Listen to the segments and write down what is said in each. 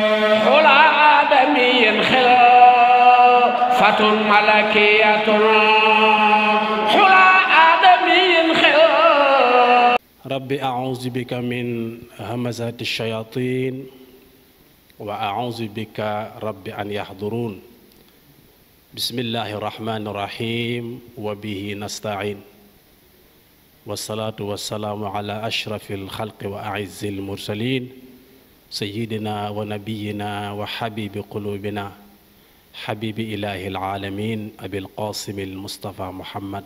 العالمين خلافة ملكية حلى آدمي ربي أعوذ بك من همزات الشياطين وأعوذ بك رب أن يحضرون بسم الله الرحمن الرحيم وبه نستعين والصلاة والسلام على أشرف الخلق وأعز المرسلين سيدنا ونبينا وحبيب قلوبنا حبيب إله العالمين أبي القاسم المصطفى محمد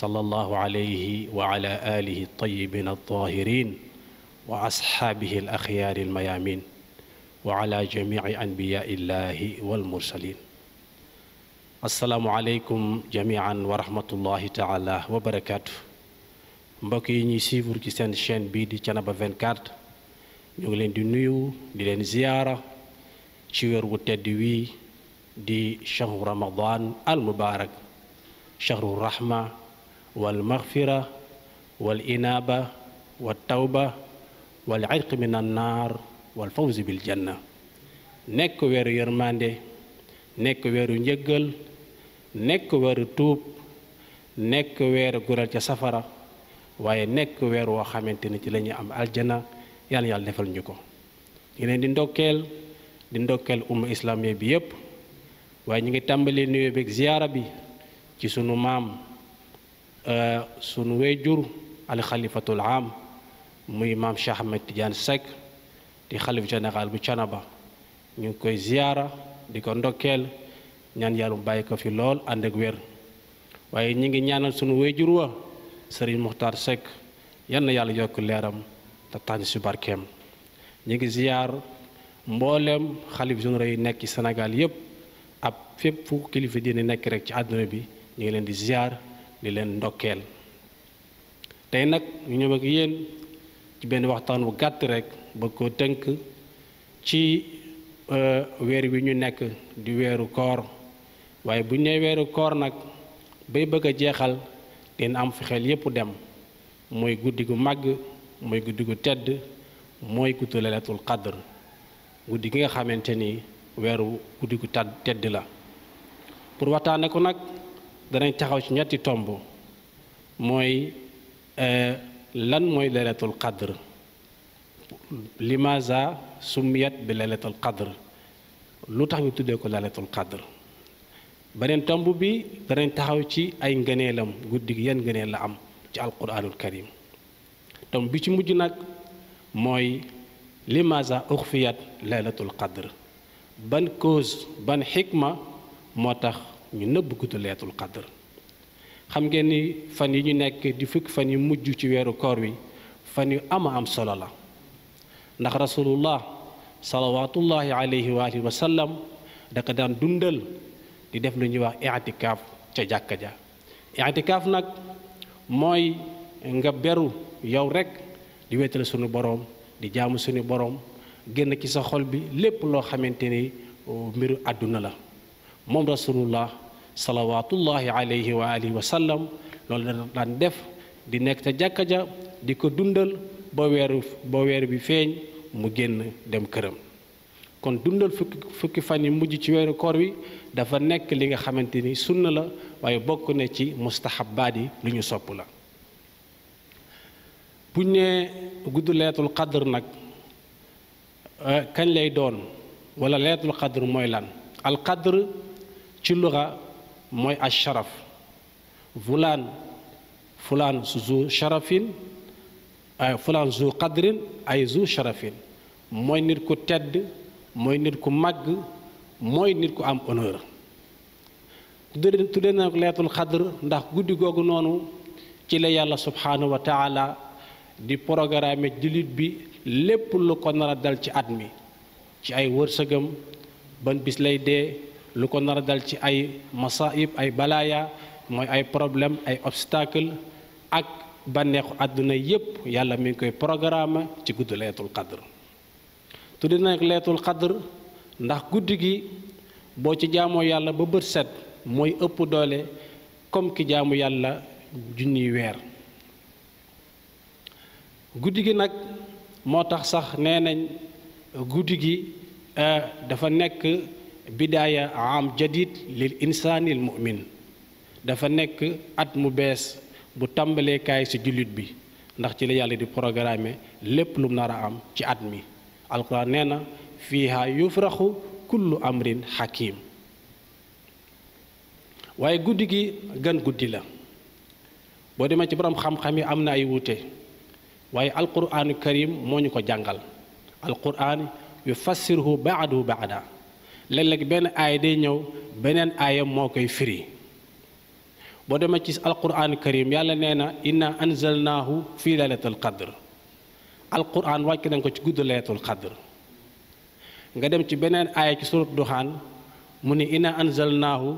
صلى الله عليه وعلى آله الطيبين الطاهرين وأصحابه الأخيار الميامين وعلى جميع أنبياء الله والمرسلين السلام عليكم جميعا ورحمة الله تعالى وبركاته mbokk yi ñuy suivre ci seen chaîne bii 24 ñu ngi leen di nuyu di leen ziyaara ci weer wu tedd wii di shahru ramadan al mubarak shahru rahma wal maghfira wal inaba wal tawba wal irq min an naar wal fawzi bil janna nekk weeru yërmande nekk weeru njëggal nekk weeru tuub nekk weeru gural ca safara waaye nekk weer woo xamante ni ci la ñu am aljana yal yal defal ñu ko ñu leen di ndokkeel di ndokkeel umma islamiya bi yépp waaye ñu ngi tàmbalee nuyoo beeg ziyaara bi ci sunu maam euh, sunu wejur alxalifatul am muy maam Cheikh Ahmed Tidiane Sek di khalif général bu Canaba ñu ziarah koy di ko ndokkeel ñaan yàlla mu bàyyi ko fi lool ànd ak wér waaye ngi ñaanal sunu wejur wa Serigne muhtar sek yal na yàlla yokk te tànn si barkeem ñu ngi ziyaar mbooleem xalif généraux yi nekk ci Sénégal yépp ab fépp fu kilifa diine nekk rek ci àdduna bi ñu ngi leen di ziar di len ndokkeel tey nag ñu ñëw ak yéen ci benn waxtaan bu gàtt rek bëgg koo tënk ci euh, weer wi ñu nekk di weeru koor waaye bu ñu nee weeru koor nag bay bëgg a jeexal dina am fi xel yépp dem mooy guddi gu mooy guddi gu tedd mooy guddi laylatul guddi gi nga xamante ni weeru guddi gu tedd la pour waxtaane ko nag danañ taxaw ci ñetti tomb mooy euh, lan mooy laylatul qadr limaza sumiyat bi laylatul qadr lu tax ñu tuddee ko laylatul qadr beneen tomb bi danañ taxaw ci ay ngëneelam guddi gi yan ngëneel la am ci alquranul karim tom bi ci mujj nag mooy limaza uxfiyat laylatul qadr ban cause ban xikma moo tax ñu nëbb guddi laylatul qadr xam ngeen ni fan yi ñu nekk di fukki fan yu mujj ci weeru koor wi fan yu ama am solo la ndax rasulullah salawatullahi alayhi wa alihi wa sallam da ko daan dundal di def lu ñuy wax itikaaf ca jàkka ja itikaaf nag mooy nga beru yow rekk di wéetal sunu boroom di jaamu sunu boroom génn ci sa xol bi lépp loo xamante ni mbiru àdduna la moom rasulullah salawaatullahi alayhi wa alihi wa sallam loolu la daan def di nekk ca jàkka ja di ko dundal ba weeru ba weer bi feeñ mu génn dem këram kon dundal fukki fan yi mujj ci weeru koor wi dafa nekk li nga xamante ni sunna la waaye bokk na ci mustahabaat yi lu ñu sopp la bu ñu nee gudd leetul xadr nag kañ lay doon wala leetul xadr mooy lan alxadr ci luxa mooy asharaf fulaan fulaan zu sharafin fulaan zu xadrin ay zu sharafin mooy nit ku tedd mooy nit ku màgg mooy nit ku am honneur tudde na leetul xadr ndax guddi googu noonu ci la yàlla subhaanahu wa taala di programme jullit bi lépp lu ko nar a dal ci at mi ci ay wërsëgam ban bis lay dee lu ko nar a dal ci ay masaib ay balaaya mooy ay problème ay obstacle ak bànneexu àdduna yépp yàlla mi ngi koy programme ci guddi laylatul qadr tuddi na nag laylatul qadr ndax guddi gi boo ci jaamoo yàlla ba bët set mooy ëpp doole comme ki jaamu yàlla junniy weer guddi gi nag moo tax sax nee nañ guddi gi euh, dafa nekk biddaaya am jadid lil insaanil mu'min dafa nekk at mu bees bu tàmbaleekaay ci jullit bi ndax ci la yàlla di programme lépp lu nar a am ci at mi alquran nee na fiiha yufraxu kullu amrin hakim waaye guddi gi gën guddi la boo demee ci boroom xam-xam yi am na ay wuute waaye alquranu karim moo ñu ko jàngal alquran yu fassirhu baadu baada léeg-léeg benn aaya day ñëw beneen aayam moo koy firi boo demee ci alquran karim yàlla nee na inna anzalnaahu fii laylatul qadr alquran wàcc nañ ko ci gudd laylatul qadr nga dem ci beneen aaya ci surat mu ni inna anzalnaahu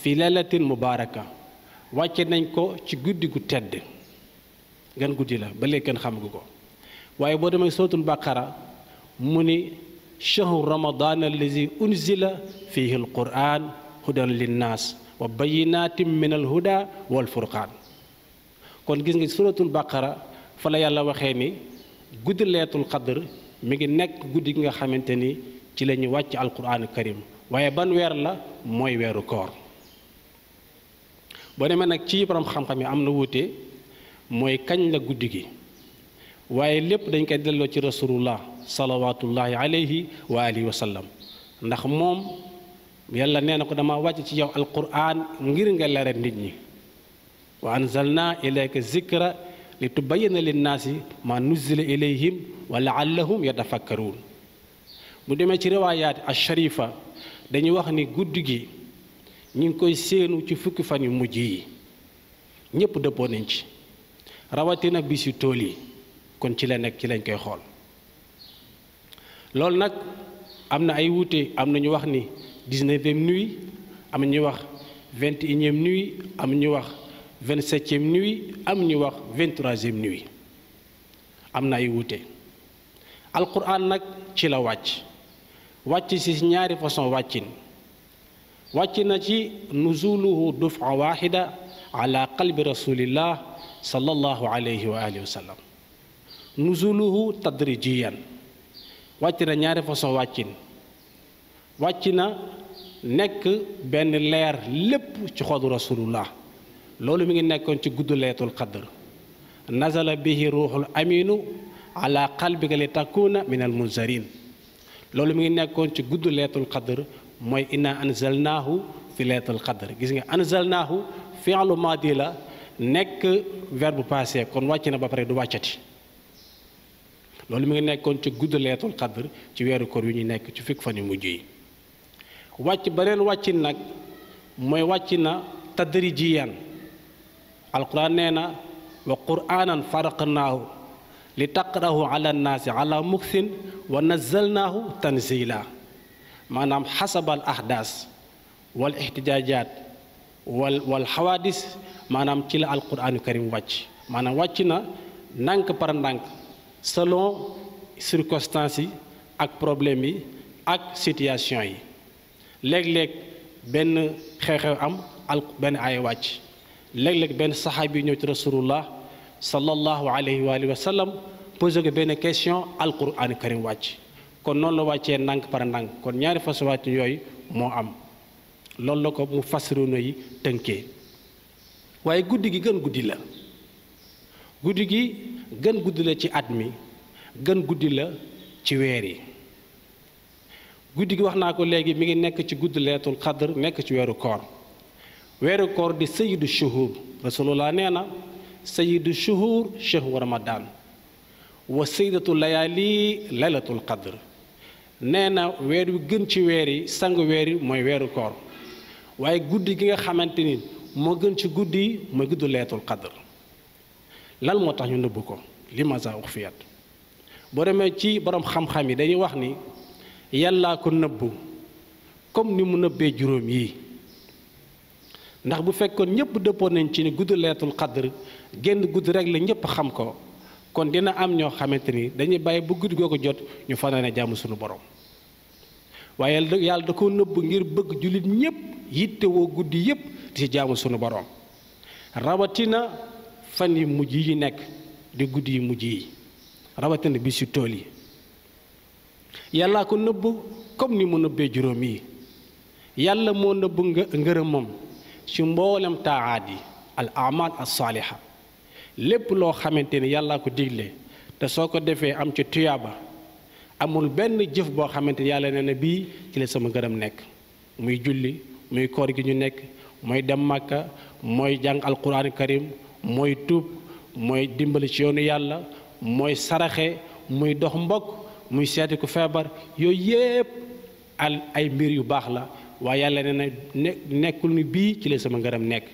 fii laylatin mubaaraka wàcce nañ ko ci guddi gu tedd gan guddi la ba léegi kenn xamagu ko waaye boo demee sootul baqara mu ni chahru ramadan allazi unzila fihi alquran hudan linnaas wa bayinatin min alhuda wal furqaan kon gis ngi suratul baqara fa la yàlla waxee ni guddi leetul qadr mi ngi nekk guddi ki nga xamante ni ci la ñu wàcc alquran karim waaye ban weer la mooy weeru koor boo demee nag ci borom xam-xam yi am na wuute moy kagn la guddigi waye lépp dañ koy delo ci rasulullah salawatullahi alayhi wa alihi wa sallam ndax mom yàlla nee ko dama wàcc ci yow alquran ngir nga lere nit ñi wa anzalna ilayka zikra litubayyana tubayina linnaasi ma nuzila ilayhim wa laallahum yatafakkarun mu deme ci riwayat ash-sharifa dañuy wax ni guddigi ñing koy séenu ci fukki fan yu mujjii ñépp dëppoo nañ ci rawatina bis yu tool yi kon ci la nekk ci lañ koy xool loolu nag am na ay wuute am na ñu wax ni dix-neuvième nuit am ñu wax vingt et unième nuit am ñu wax vingt-septième nuit am ñu wax vingt-troisième nuit am na ay wuute alquran nag ci la wàcc wàcc ci ñaari façon wàccin wàcc na ci nuzuluhu dufa wahida على قلب رسول الله صلى الله عليه وآله وسلم نزوله تدريجيا واتنا نعرف فصو واتنا نك بين لير لب تخوض رسول الله لولو ميغي نكون تي غدو ليلة القدر نزل به روح الأمين على قلبك لتكون من المنزرين لولو ميغي نكون تي غدو ليلة القدر ما إنا أنزلناه في ليلة القدر gis nga fi'lu maadi la nekk verbe passé kon wàcc na ba pare du wàccati loolu mi ngi nekkoon ci gudd leetul xadr ci weeru koor yu ñu nekk ci fukk fan yu mujj yi wàcc beneen wàccin nag mooy wàcc na tadrijiyan alquran nee na wa qur'anan faraqnaahu li taqrahu ala nnaasi ala muksin wa nazalnaahu tanzila maanaam xasabal ahdaas wal ixtijaajaat wal wal xawaadis maanaam ci la alquraanu karim wàcc maanaam wàcc na ndànk par ndànk selon circonstances yi ak problème yi ak situation yi léeg-léeg benn xew-xew am al benn ay wàcc léeg-léeg benn saxaabi ñëw ci rasulullah sallallahu alayhi wa alihi wa sallam posé ko benn question alquraanu karim wàcc kon noonu la wàccee ndànk par ndànk kon ñaari façon wàcc yooyu moo am loolu la ko mu fassiruna yi tënkee waaye guddi gi gën guddi la guddi gi gën guddi la ci at mi gën guddi la ci weer yi guddi gi wax naa ko léegi mi ngi nekk ci guddi leetul xadr nekk ci weeru koor weeru koor di sayidu shuhur rasulullah nee na sayidu shuhur shahru ramadan wa sayidatu layaali laylatul qadr nee na weer wi gën ci weer yi sang weer yi mooy weeru koor waaye guddi gi nga xamante ni moo gën ci guddi yi mooy guddi leetul qadr lan moo tax ñu nëbb ko li maza uxfiyat boo demee ci borom xam-xam yi dañuy wax ni yàllaa ko nëbb comme ni mu nëbbee juróom yi ndax bu fekkoon ñëpp dëppoon nañ ci ne gudd leetul qadr génn guddi rek la ñëpp xam ko kon dina am ñoo xamante ni dañuy bàyyi bu guddi ko jot ñu fanaane jàmm sunu borom waaye yàlla da ko nëbb ngir bëgg jullit ñépp yitte woo guddi yépp di ci jaamu sunu boroom rawatina fan yi mujj yi nekk di guddi yi mujj yi rawatina bi si tool yi yàllaa ko nëbb comme ni mu nëbbee juróom yi yàlla moo nëbb ngërëmam ci mboolem taaxaat yi al amal as saaliha lépp loo xamante ni yàllaa ko digle te soo ko defee am ci tuyaaba amul benn jëf boo xamante ni yàlla ne na bii ci la sama gërëm nekk muy julli muy koor gi ñu nekk mooy dem màkka mooy jàng alquran karim mooy tuub mooy dimbali ci yoonu yàlla mooy saraxe muy dox mbokk muy seeti ko feebar yooyu yépp al ay mbir yu baax la waaye yàlla nee na ne nekkul ni bii ci la sama ngërëm nekk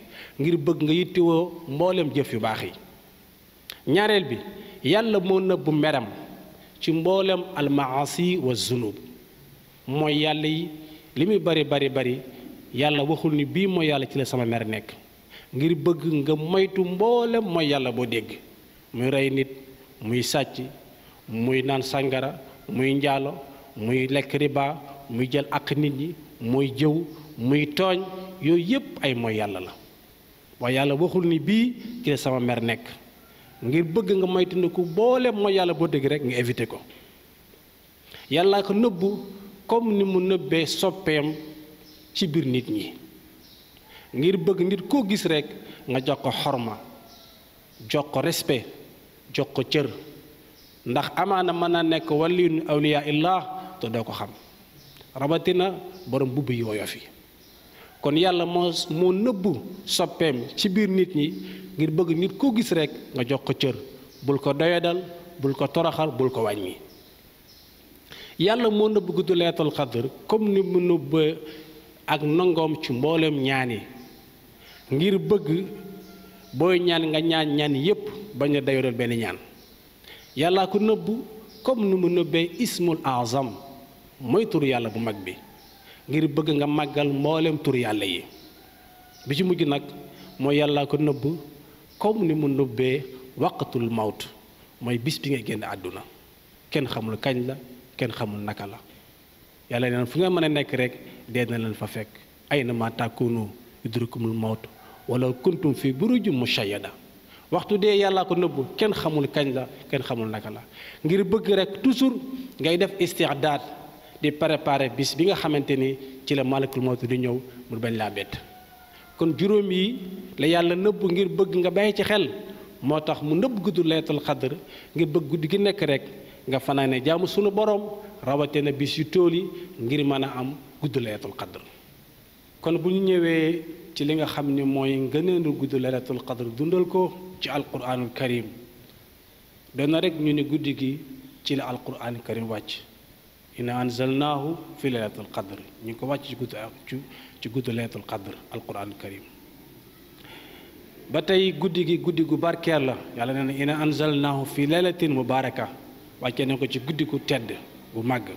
ngir bëgg nga yittewoo mboolem jëf yu baax yi ñaareel bi yàlla moo nëbbu mberam ci mboolem almaasi wa zunub mooy yàlla yi li muy bari bari bari yàlla waxul ni bii mooy yàlla ci la sama mer nekk ngir bëgg nga moytu mboolem mooy yàlla boo dégg muy rey nit muy sàcc muy naan sàngara muy njaalo muy lekk riba muy jël ak nit ñi mooy jëw muy tooñ yooyu yépp ay mooy yàlla la waaye yàlla waxul ni bii ci la sama mer nekk ngir bëgg nga moytandiku boole mooy yàlla boo dégg rekk nga éviter ko yàllaa ko nëbbu kom ni mu nëbbee soppeem ci biir nit ñi ngir bëgg nit koo gis rekk nga jox ko xorma jox ko respe jox ko cër ndax amaana mën naa nekk waliyun awliyaa illah te doo ko xam rabatina borom bubb yi woyof kon yàlla moo moo nëbbu soppeem ci biir nit ñi ngir bëgg nit koo gis rekk nga jox ko cër bul ko doyadal bul ko toroxal bul ko wàññi yàlla moo nëbb guddi leetal xadr comme ni mu nëbb ak nangoom ci mbooleem ñaani ngir bëgg booy ñaan nga ñaan ñaan yépp bañ a doyadal benn ñaan yàllaa ko nëbb comme ni mu nëbbee ismul azam mooy tur yàlla bu mag bi ngir bëgg nga màggal mboolem tur yàlla yi bi ci mujj nag moo yàllaa ko nëbb comme ni mu nubbee waqatul mawt mooy bis bi nga génn àdduna kenn xamul kañ la kenn xamul naka la yàlla neen fu nga mën a nekk rek dee na leen fa fekk ay na ma takunu yudrikumul mawt wala kuntum fi burujum mushayyada waxtu dee yàlla ko nëbb kenn xamul kañ la kenn xamul naka la ngir bëgg rek toujours ngay def istidaad di préparer bis bi nga xamante ni ci la malakul mawt di ñëw mu bañ laa bett kon juróom yi la yàlla nëbb ngir bëgg nga bàyyi ci xel moo tax mu nëbb gudd laylatul xadr ngir bëgg guddi gi nekk rek nga fanaane jàmm sunu boroom rawate na bis yu tool yi ngir mën a am guddu laylatul xadr kon bu ñu ñëwee ci li nga xam ni mooy ngëneelu guddi laylatul xadr dundal ko ci alquranul karim doona rek ñu ne guddi gi ci la alquranul karim wàcc inna anzalnaahu fi laylatul qadr ñu ko wàcc ci guddi ci guddi laylatul qadr karim ba tey guddi gi guddi gu barkeel la yàlla nee na inna anzalnaahu fi laylatin mubaraka wàccee nañ ko ci guddi gu tedd bu màgg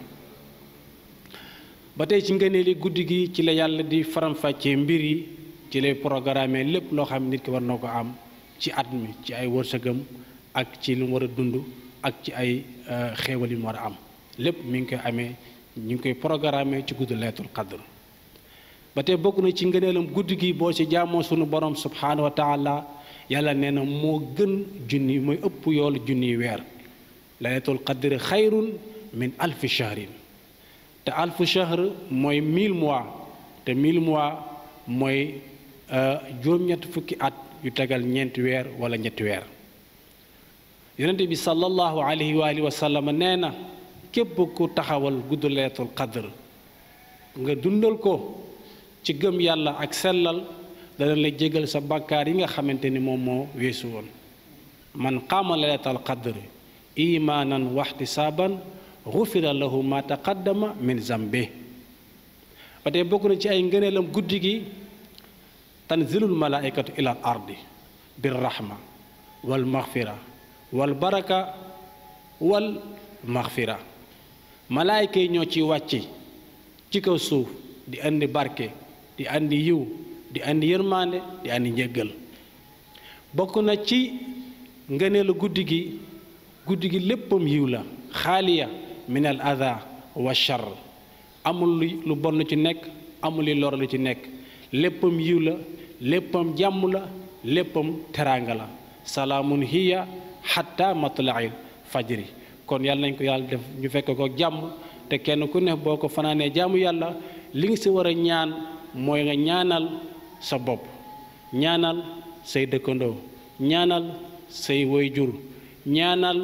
ba tey ci ngëneeli guddi gi ci la yàlla di faramfàccee mbir yi ci lay programme lépp loo xam nit ki war na ko am ci at mi ci ay wërsëgam ak ci lu mu war a dund ak ci ay euh, xéewal yi war a am lépp mi ngi koy amee ñu ngi koy programme ci guddi laytul qadr ba tey bokk na ci ngëneelam guddi gi boo ci jaamoo sunu borom subhanahu wa taala yàlla nee na moo gën junni mooy ëpp yool junniy weer laylatul qadr xayrun min alfi shahrin te alfu shahr mooy mille mois te mille mois mooy juróom-ñetti fukki at yu tegal ñeenti weer wala ñetti weer yonente bi sallallahu alayhi wa alihi wa sallam nee na képp ku taxawal gudduleetul qadr nga dundal ko ci gëm yàlla ak sellal dana la jégal sa bàkkaar yi nga xamante ni moom moo weesu woon man qaama laylatal qadr imaanan waxtisaaban xufira lahu ma taqaddama min zambe ba tey bokk na ci ay ngëneelam guddi gi tanzilul malaaikatu ilal ardi bir rahma wal maxfira wal baraka wal maxfira malaayka yi ñoo ci wàcc ci kaw suuf di indi barke di indi yiw di indi yërmaande di andi njëggal bokk na ci ngëneelu guddi gi guddi gi léppam yiw la xaaliya min al ada wa char amul lu bon ci nekk amul lu lor lu ci nekk léppam yiw la léppam jàmm la léppam teraanga la salaamun hiya xatta matla'il fajri kon yàlla nañ ko yàlla def ñu fekk ko jàmm te kenn ku ne boo ko fanaanee jaamu yàlla li nga si war a ñaan mooy nga ñaanal sa bopp ñaanal say dëkkandoo ñaanal say jur ñaanal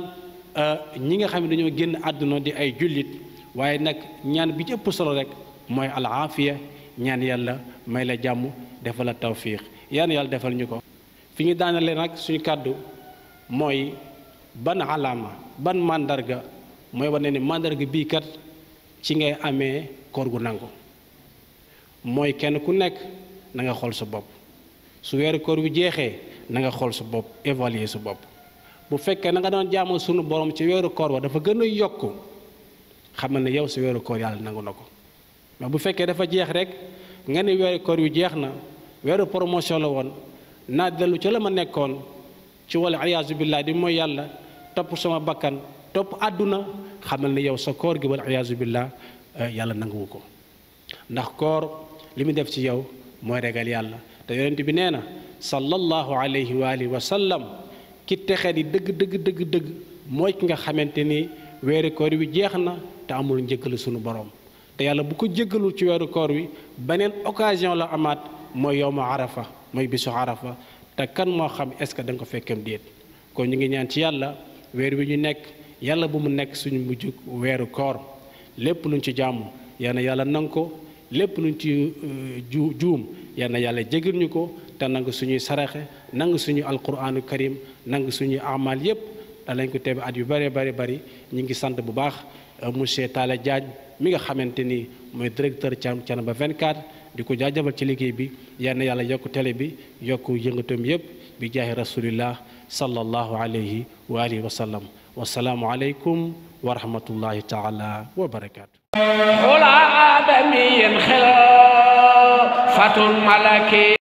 euh, ñi nga xam ne dañoo génn àdduna di ay jullit waaye nag ñaan bi ci ëpp solo rek mooy alaafiya ñaan yàlla may la jàmm defal la tawfiix yaan yàlla defal ñu ko fi ñu daanalee nag suñu kàddu mooy ban alaama ban màndarga mooy wane ni màndarga bii kat ci ngay amee koor gu nangu mooy kenn ku nekk na nga xool sa bopp su weeru koor wi jeexee na nga xool sa bopp évaluer su bopp bu fekkee na nga doon jaamoo sunu borom ci weeru koor wa dafa gën a yokk xamal ne yow sa weeru koor yàlla nangu na ko mais bu fekkee dafa jeex rek nga ne weeru koor wi jeex na weeru promotion la woon naa dellu ci la ma nekkoon ci wala ayaasu billaah di mooy yàlla topp sama bakkan topp àdduna xamal na yow sa koor gi wal iyaazu billah eh, yàlla nanguwu ko ndax koor li mu def ci yow mooy regal yàlla te yonent bi nee na sallallahu alayhi wa alihi wa sallam ki texe di dëgg dëgg dëgg dëgg mooy ki nga xamante ni weeri koor wi jeex na te amul njëggalu sunu borom te yàlla bu ko jéggalul ci weeru koor wi beneen occasion la amaat mooy yowma arafa mooy bisu arafa te kan moo xam est ce que da ko fekkem déet kon ñu ngi ñaan ci yàlla weer wi ñu nekk yàlla bu mu nekk suñu mujj weeru koor lépp luñ ci jàmm yal na yàlla nang ko lépp luñ ci eh, ju juum yal na yàlla jégal ñu ko te nang suñuy saraxe nang suñu alquraanu karim nang suñuy amal yépp dalañ ko teeb at yu bare bare bari ñu ngi sant bu baax eh, monsieur Talla Diagne mi nga xamante ni mooy directeur Thiénaba 24 di ko jaajëfal ci liggéey bi yal na yàlla yokk tele bi yokk yëngatoom yépp bi jaahi rasulillah صلى الله عليه وآله وسلم والسلام عليكم ورحمة الله تعالى وبركاته